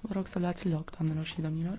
Vă rog să luați loc, doamnelor și domnilor.